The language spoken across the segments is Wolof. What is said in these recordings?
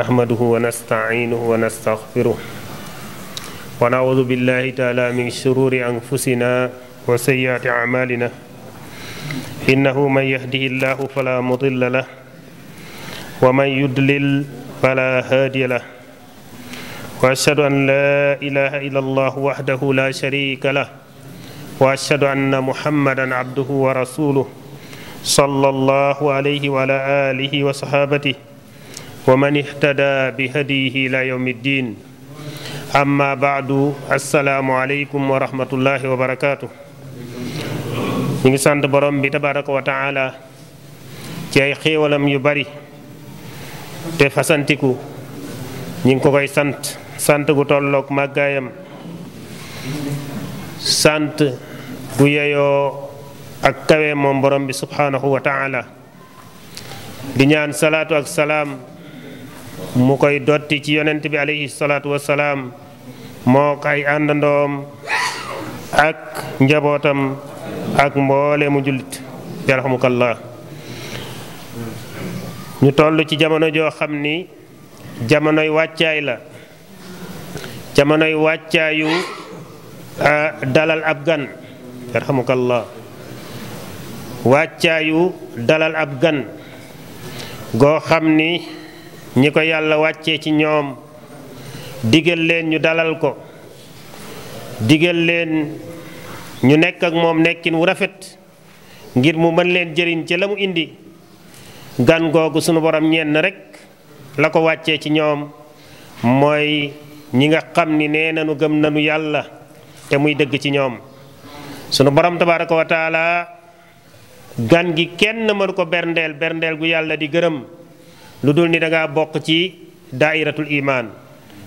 نحمده ونستعينه ونستغفره ونعوذ بالله تعالى من شرور أنفسنا وسيئات أعمالنا إنه من يهده الله فلا مضل له ومن يدلل فلا هادي له وأشهد أن لا إله إلا الله وحده لا شريك له وأشهد أن محمدا عبده ورسوله صلى الله عليه وعلى آله وصحابته ومن اهتدى بهديه الى يوم الدين اما بعد السلام عليكم ورحمه الله وبركاته ني سانت بروم بي تبارك وتعالى تي خيولم يو بري تي فسانتيكو ني كوكاي سانت سانت غو تولوك ماغايام سانت غو ييو اك كاوي موم بروم بي سبحانه وتعالى دي نيان صلاه والسلام mu koy dotti ci yonent bi aleyhi salaatu wasalaam moo kay àndandoom ak njabootam ak mboole mu jullit yarhamukallah ñu toll ci jamono joo xam ni jamonoy wàccaay la jamonoy wàccaayu dalal ab gan yarhamukallah wàccaayu dalal ab gan goo xam ni ñi ko yàlla wàccee ci ñoom digal leen ñu dalal ko digal leen ñu nekk ak moom nekkin wu rafet ngir mu mën leen jëriñ ci la indi gan googu sunu borom ñenn rek la ko wàccee ci ñoom mooy ñi nga xam ni nee nanu gëm nanu yàlla te muy dëgg ci ñoom sunu borom tabaraka wa taala gan gi kenn mënu ko berndeel berndeel gu yàlla di gërëm lu dul ni da bokk ci daairatul iman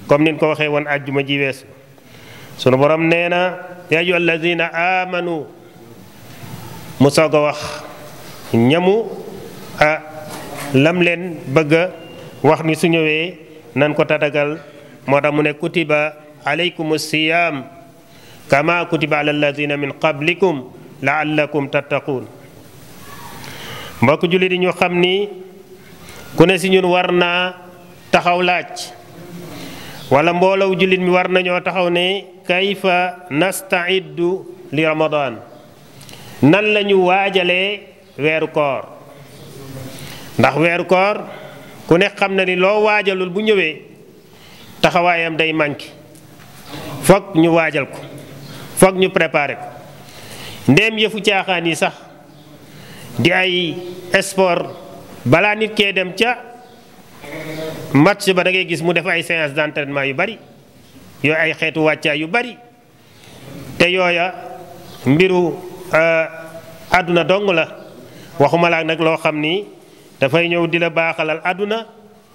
comme nin ko waxee woon àjjuma ji weesu sunu boroom nee na yaa ayyuha allazina amanu mu soog a wax ñamu a lam leen bëgga wax ni su ñëwee nan ko tatagal moo tax mu ne kutiba alaykum siyaam kama kutiba ala allazina min qablikum laallakum tattaquun mbokk julli di ñu xam ni ku ne si ñun war naa taxaw laaj wala mboolow jullit mi war nañoo taxaw ne kayfa nastaiddu li ramadan nan lañu waajalee weeru koor ndax weeru koor ku ne xam na ni loo waajalul bu ñëwee taxawaayam day manki fokk ñu waajal ko fokk ñu préparé ko ndéem yëfu caaxaan sax di ay sport bala nit kee dem ca match ba da ngay gis mu def ay séance d'entraînement yu bari yooyu ay xeetu wàccaay yu bari te yooya mbiru aduna euh, dong la waxuma laa nag loo xam ni dafay ñëw di la baaxalal aduna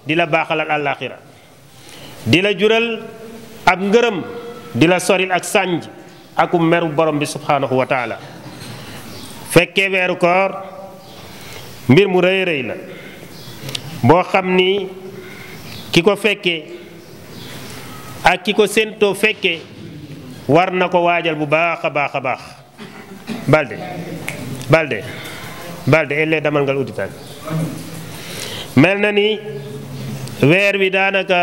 di la baaxalal àllaaxira di la jural ab ngërëm di la ak sànj akum meru borom bi subhanahu wa taala fekkee weeru koor mbir mu rëy rëy la boo xam ni ki ko fekkee ak ki ko séentoo fekkee war na ko waajal bu baax a baax a baax balde balde balde ellee damal ngal uddi mel na ni weer wi daanaka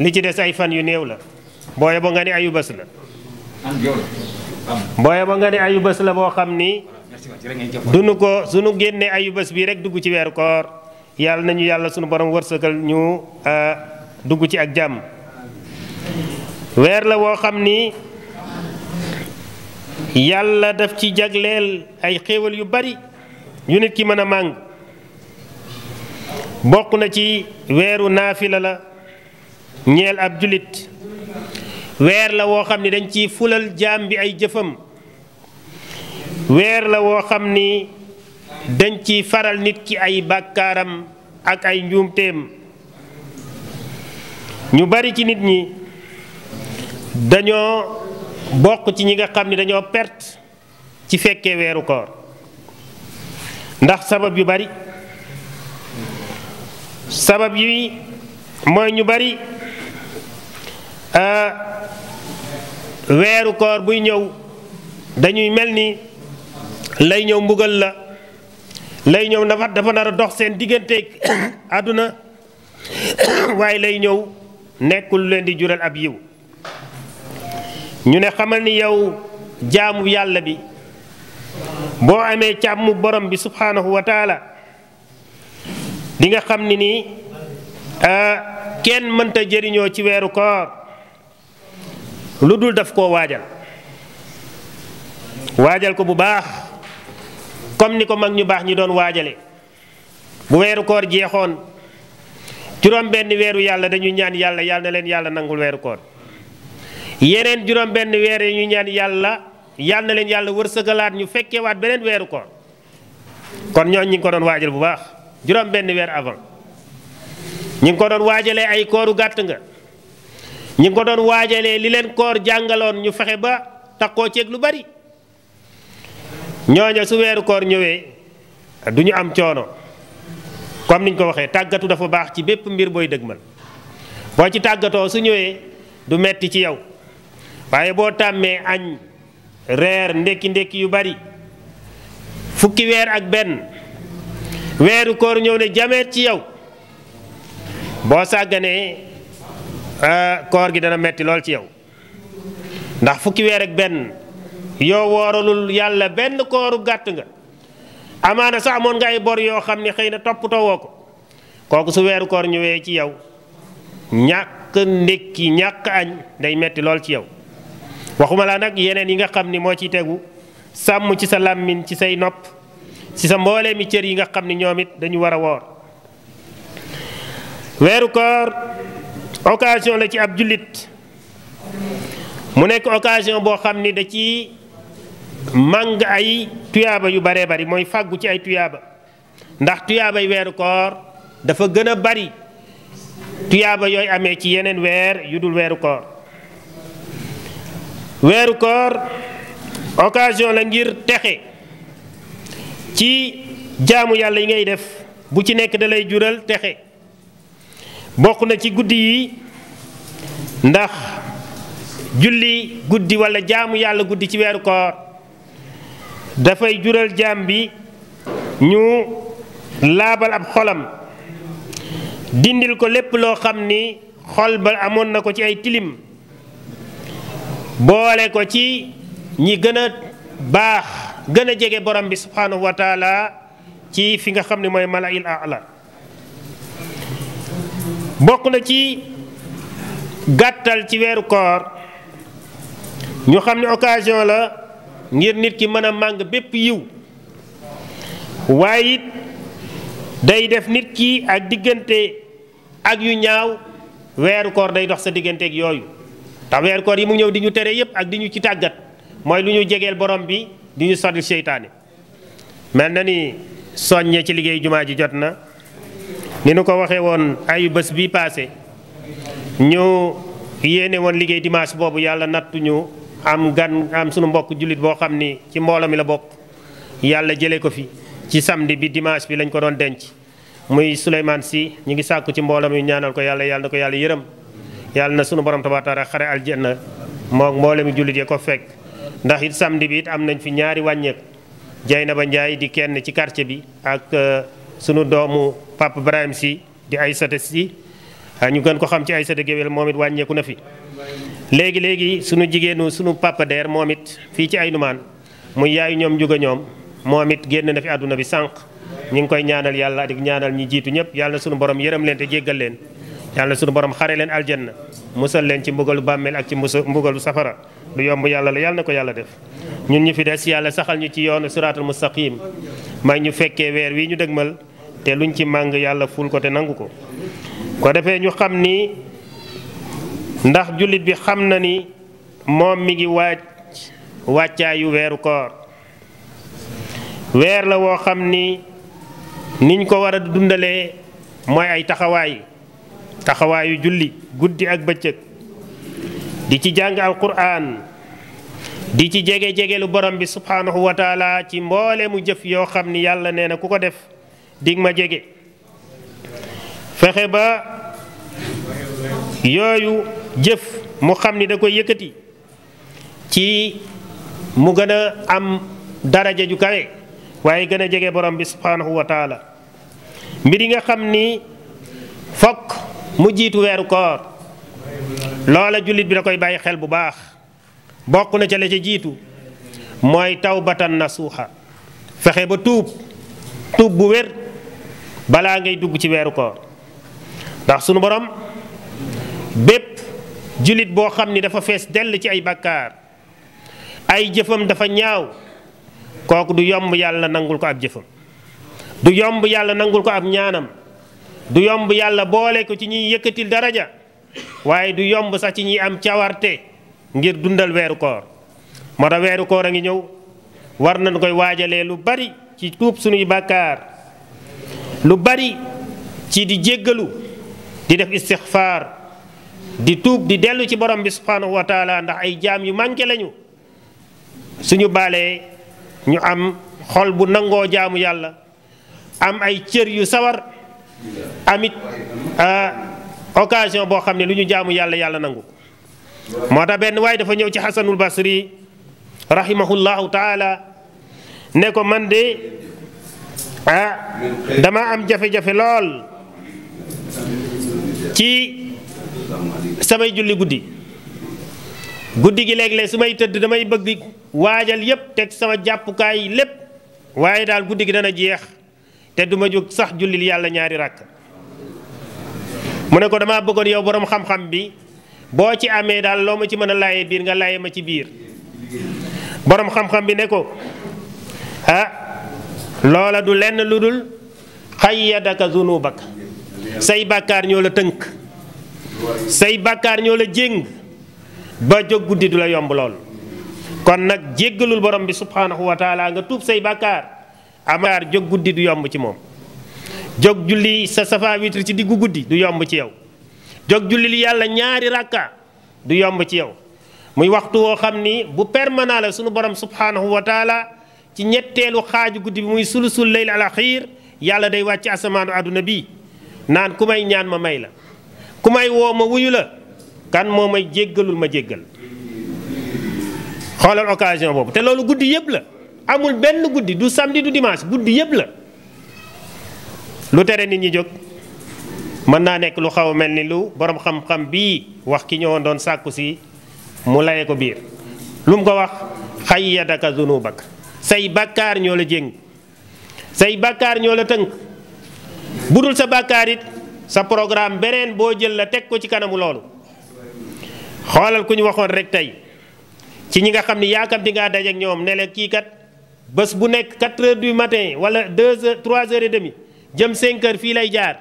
li ci des ay fan yu néew la booye nga ni ayu bés la booye nga ni ayu bés la boo xam ni dunu ko sunu génnee ayu bés bii rek dugg ci weeru koor yàlla nañu yàlla sunu borom wërsëgal ñu euh, dugg ci ak jàmm weer la woo xam ni yàlla def ci jagleel ay xéewal yu bari yu nit ki mën a màng bokk na ci weeru naafila la ñeel ab jullit weer la woo xam ni dañ ci fulal jaam bi ay jëfam weer la woo xam ni dañ ci faral nit ki ay bakkaaram ak ay njuumteem ñu bari ci nit ñi dañoo bokk ci ñi nga xam ni dañoo perte ci fekkee weeru koor ndax sabab yu bari sabab yi mooy ñu bari euh, weeru koor buy ñëw dañuy mel ni lay ñëw mbugal la lay ñëw dafa dafa nar a dox seen diggante àdduna waaye lay ñëw nekkul leen di jural ab yiw ñu ne xamal ni yow jaamu yàlla bi boo amee càmm borom bi subhaanahu wa taala di nga xam ni nii kenn mënta jëriñoo ci weeru koor lu dul daf koo waajal waajal ko bu baax comme ni ko mag ñu baax ñi doon waajale bu weeru koor jeexoon juróom benn weeru yàlla dañuy ñaan yàlla yàlla na leen yàlla nangul weeru koor yeneen juróom weer ñu ñaan yàlla yàlla leen yàlla wërsëgalaat ñu fekkewaat beneen weeru koor kon ñoom ñi ngi ko doon waajal bu baax juróom benn weer avant ñi ngi ko doon waajale ay kooru gàtt nga ñi ngi ko doon waajalee li leen koor jàngaloon ñu fexe ba koo ceeg lu bari ñooña su weeru koor ñëwee du ñu am coono comme niñ ko waxee tàggatu dafa baax ci bépp mbir booy dëgmal boo ci tàggatoo su ñëwee du metti ci yow waaye boo tàmmee añ reer ndékki ndékki yu bari fukki weer ak benn weeru koor ñëw ne jameet ci yow boo sàgganee ah, koor gi dana metti lool ci yow ndax fukki weer ak benn yow wooralul yalla ben kooru gatt nga amaana sax amoon ngay bor yo xamni xeyna top na woko koku su weeru koor ñëwee ci yow ñak ndékki ñak añ day metti lol ci yow waxuma la nak yeneen yi nga xamni mo ci teggu tegu ci sa làmmiñ ci say nopp ci sa mbolé mi cër yi nga xamni ñomit dañu wara wor woor koor occasion la ci ab julit mu nek occasion bo xamni da ci màng ay tuyaaba yu baree bari mooy fàggu ci ay tuyaaba ndax tuyaabay weeru koor dafa gën a bari tuyaaba yooyu amee ci yeneen weer yu dul weeru koor weeru koor occasion la ngir texe ci jaamu yàlla yi ngay def bu ci nekk dalay jural texe bokk na ci guddi yi ndax julli guddi walla jaamu yàlla guddi ci weeru koor dafay jural jaam bi ñu laabal ab xolam dindil ko lépp loo xam ni xol ba amoon na ko ci ay tilim boole ko ci ñi gën a baax gën a jege borom bi subhanahu wa ci fi nga xam ne mooy malail ala bokk na ci gàttal ci weeru koor ñu xam ne occasion la ngir nit ki mën a màng bépp yiw waaye day def nit kii ak diggante ak yu ñaaw weeru koor day dox sa digganteek yooyu ndax weeru koor yi mu ñëw di tere yépp ak di ci tàggat mooy lu ñu jegeel borom bi di ñu seytaane mel na ni soññe ci liggéey jumaa ji jot na ni nu ko waxee woon ayu bés bi paase ñu yéene woon liggéey dimaas boobu yàlla nattuñu am gan am sunu mbokk julit bo xamni ni ci mbooloo la bok yalla jele ko fi ci samedi bi dimanche bi lañ ko don denc muy Souleymane si ñi ngi sakku ci mbolam mi ñaanal ko yalla yalla na ko yalla yërëm na sunu borom tabata taala xare aljanna mo ak mi julit ye ya ko fek ndax it samedi bi am nañ fi ñaari wàññeeku ba Ndiaye di kenn ci quartier bi ak euh, sunu doomu Papa Ibrahim si di aissata si ñu gën ko xam ci aissata gewel momit it na fi léegi léegi sunu jigéenu sunu papa der moom it fii ci ay numaan muy yaayu ñoom jóge ñoom moom it génn na fi àdduna bi sànq ñu ngi koy ñaanal yàlla di ñaanal ñi jiitu ñëpp yàlla na sunu borom yërëm leen te jéggal leen yàlla sunu borom xare leen aljanna musal leen ci mbugalu bàmmeel ak ci mbugalu safara lu yomb yàlla la yàlla na ko yàlla def ñun ñu fi des yàlla saxal ñu ci yoonu siraatal mustaqim may ñu fekkee weer wi ñu dëgmal te lu luñ ci màng yàlla ful nangu ko ndax jullit bi xam na ni moom mi ngi wàcc wàccaayu weeru koor weer la woo xam ni niñ ko war a dundalee mooy ay taxawaay taxawaayu julli guddi ak bëccëg di ci jàng alquran di ci jege jegelu borom bi subhaanahu ci mboole mu jëf yoo xam ni yàlla nee na ku ko def di ma jege fexe ba yooyu jëf mu xam ni da koy yëkkati ci mu gën a am daraja ju kawe waaye gën a jege borom bi subhanahu wa taala mbir yi nga xam ni fokk mu jiitu weeru koor loola jullit bi da koy bàyyi xel bu baax bokk na ca la ca jiitu mooy taw tawbatan nasuuxa fexe ba tuub tuub bu wér balaa ngay dugg ci weeru koor ndax sunu borom bépp julit boo xam ni dafa fees dell ci ay bàkkaar ay jëfam dafa ñaaw kooku du yomb yàlla nangul ko ab jëfam du yomb yàlla nangul ko ab ñaanam du yomb yàlla boole ko ci ñuy yëkkatil daraja waaye du yomb sax ci ñuy am cawarte ngir dundal weeru koor moo tax weeru koor a ngi ñëw war nañ koy waajalee lu bari ci tuub suñuy lu bari ci di jéggalu di def istighfar di tuub di delu ci borom bi subhanahu wa taala ndax ay jaam yu manke lañu suñu balé ñu am xol bu nango jaamu yalla am ay cër yu sawar amit occasion bo xam luñu lu jamu yalla yalla nangu mota ben way dafa ñew ci hasanul basri rahimahullahu taala ne ko man de ah dama am jafe-jafe lol ci samay julli guddi guddi gi léeg-léeg su may tëdd damay bëgg waajal yépp teg sama jàppukaay lépp waaye daal guddi gi dana jeex te duma jóg sax jullil yàlla ñaari ràkk mu ne ko damaa bëggoon yow boroom xam-xam bi boo ci amee daal loo ma ci mën a laaye biir nga laaye ma ci biir boroom xam-xam bi ne ko ah loola du lenn lu dul xayyadaka zunubak say bàkkaar ñoo la tënk say bakar ñoo la jeng ba jog guddi dula yomb lol kon nak jéggalul borom bi subhanahu wa taala nga tuub say bakar amar jog guddi du yomb ci mom jog julli sa safa witri ci digu guddi du yomb ci yow jog julli yalla ñaari rakka du yomb ci yow muy waxtu wo xamni bu permanent la sunu borom subhanahu wa taala ci ñettelu xaju guddi bi muy sulusul layl al akhir yalla day wacc asman aduna bi nan kumay ñaan ma may la ku may woo ma wuyu la kan moo may jéggalul ma jéggal xoolal occasion boobu te loolu guddi yëpp la amul benn guddi du samedi du dimanche guddi yëpp la lu tere nit ñi jóg mën naa nekk lu xaw a mel ni lu boroom xam-xam bii wax ki ñëwoon doon sàkku si mu laye ko biir lu mu ko wax xayyadaka zunubak say bàkkaar ñoo la jéng say bàkkaar ñoo la tënk budul sa bàkkaar it sa programme beneen boo jël la teg ko ci kanamu loolu xoolal ku ñu waxoon rek tey ci ñi nga xam ni yaakamti ngaa dajeek ñoom ne leen kii kat bés bu nekk 4 du matin wala 2 heures 3 heures demi jëm 5 heures fii lay jaar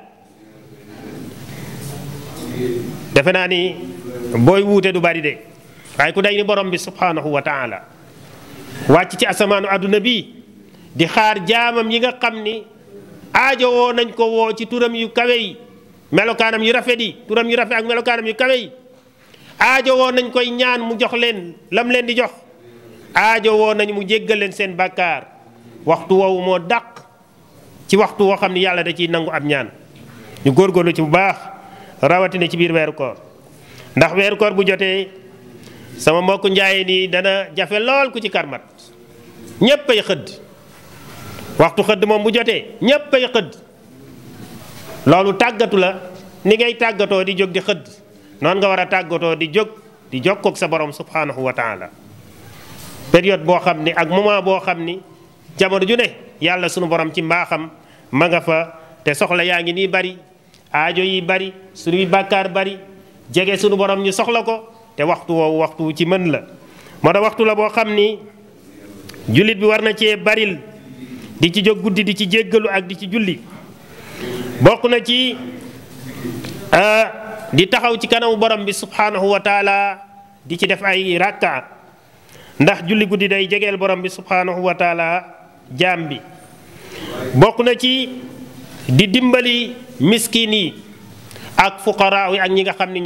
defe naa ni booy wuute du bari de waaye ku day ni borom bi subhanahu wa taala wàcc ci asamaanu àdduna bi di xaar jaamam yi nga xam ni aajowoo nañ ko woo ci turam yu kawe yi melokaanam yu rafet yi turam yu rafet ak melokaanam yu kawe yi aajo woon nañ koy ñaan mu jox leen lam leen di jox aajo woon nañ mu jéggal leen seen bàkkaar waxtu woowu moo dàq ci waxtu woo xam ne yàlla da ciy nangu ab ñaan ñu góorgóorlu ci bu baax rawatina ci biir weeru koor ndax weeru bu jotee sama mbokk njaay nii dana jafe lool ku ci karmat ñépp ay xëdd waxtu xëdd moom bu jotee ñépp xëdd Lalu tagatu la ni ngay tagato di jog di xed non nga wara tagato di jog, di ko sa borom subhanahu wa taala période bo xamni ak moment bo xamni jamono ju ne yalla sunu borom ci mbaxam ma nga fa te soxla yaangi ni bari aajo yi bari sunu bakar bari jege sunu borom ñu soxla ko te waxtu wo waxtu ci mën la mo da waxtu la bo xamni julit bi warna ci baril di ci jog guddi di ci jéggalu ak di ci julli bokku na ci di taxaw ci kanam borom bi subhanahu wa taala di ci def ay rak'a ndax julli gudi day jegeel borom bi subhanahu wa taala jambi bokku na ci di dimbali miskini ak fuqara wi ak ñi nga xam ni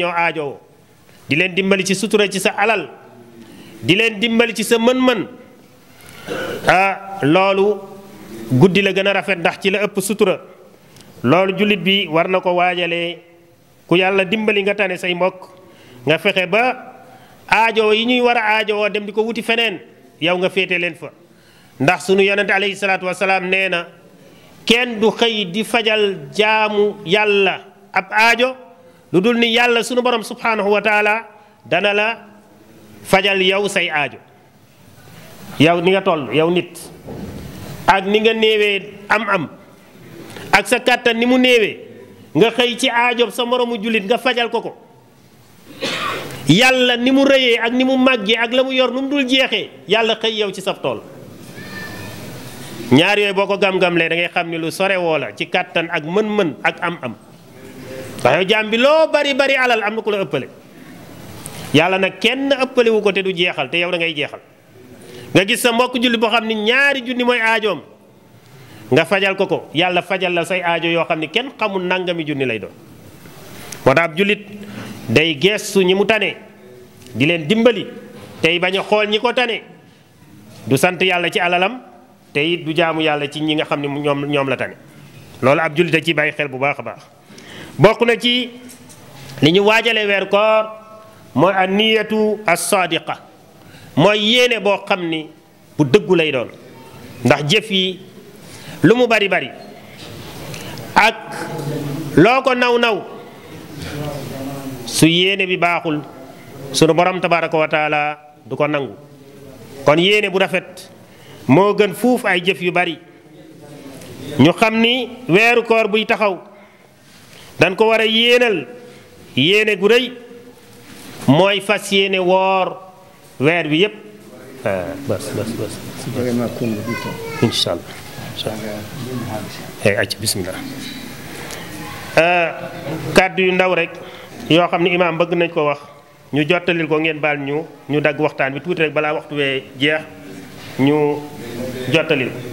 di len dimbali ci sutura ci sa alal di len dimbali ci sa man man ah lolu guddi la rafet ndax ci la ëpp sutura loolu julit bi warna na ko waajalee ku yàlla dimbali nga tane say mbokk nga fexe ba aajo yi ñuy war a aajowoo dem di ko wuti feneen yow nga féete leen fa ndax sunu yonente alayhi salaatu wasalaam nee na du xëy di fajal jaamu yàlla ab aajo lu dul ni yàlla sunu borom subhanahu wa taala dana la fajal yow say aajo yow ni nga toll yow nit ak ni nga néewee am-am ak sa katan ni mu newe nga xey ci aajob sa morom jullit nga fajal koko yalla ni mu reye ak ni mu magge ak lamu yor num dul jexé yalla xey yow ci saf tol ñaar yoy boko gam gam le da ngay xamni lu sore woo la ci katan ak men men ak am-am tayo jambi lo bari bari alal am ko la ëppale yalla nak kenn ëppale wu ko te du jexal te yow da ngay jexal nga gis sa mbokk julli bo xamni ñaari junni moy aajoom nga fajal ko ko yàlla fajal la say aajo yoo xam ne kenn xamul nangami junni lay doon moo tax ab jullit day geestu ñi mu tane di leen dimbali tey bañ a xool ñi ko tane du sant yàlla ci alalam tey du jaamu yàlla ci ñi nga xam ne ñoom ñoom la tane loolu ab jullit a ci bàyyi xel bu baax a baax bokk na ci li ñu waajale weer koor mooy an niyatu as sadiqa mooy yéene boo xam ni bu dëggu lay doon ndax jëf yi lu mu bari bari ak loo ko naw naw su yéene bi baaxul sunu borom tabaraka wa du ko nangu kon yéene bu rafet moo gën fuuf ay jëf yu bari ñu xam ni weeru koor buy taxaw dañ ko war a yéenal yéene gu rëy mooy fas yéene woor weer bi yépp ah ay acc bisimilah euh, kàddu yu ndaw rekk yoo xam ne imaam bëgg nañ ko wax ñu jottalil ko ngeen baal ñu ñu dagg waxtaan bi tuuti rek balaa waxtu wee jeex ñu jottalil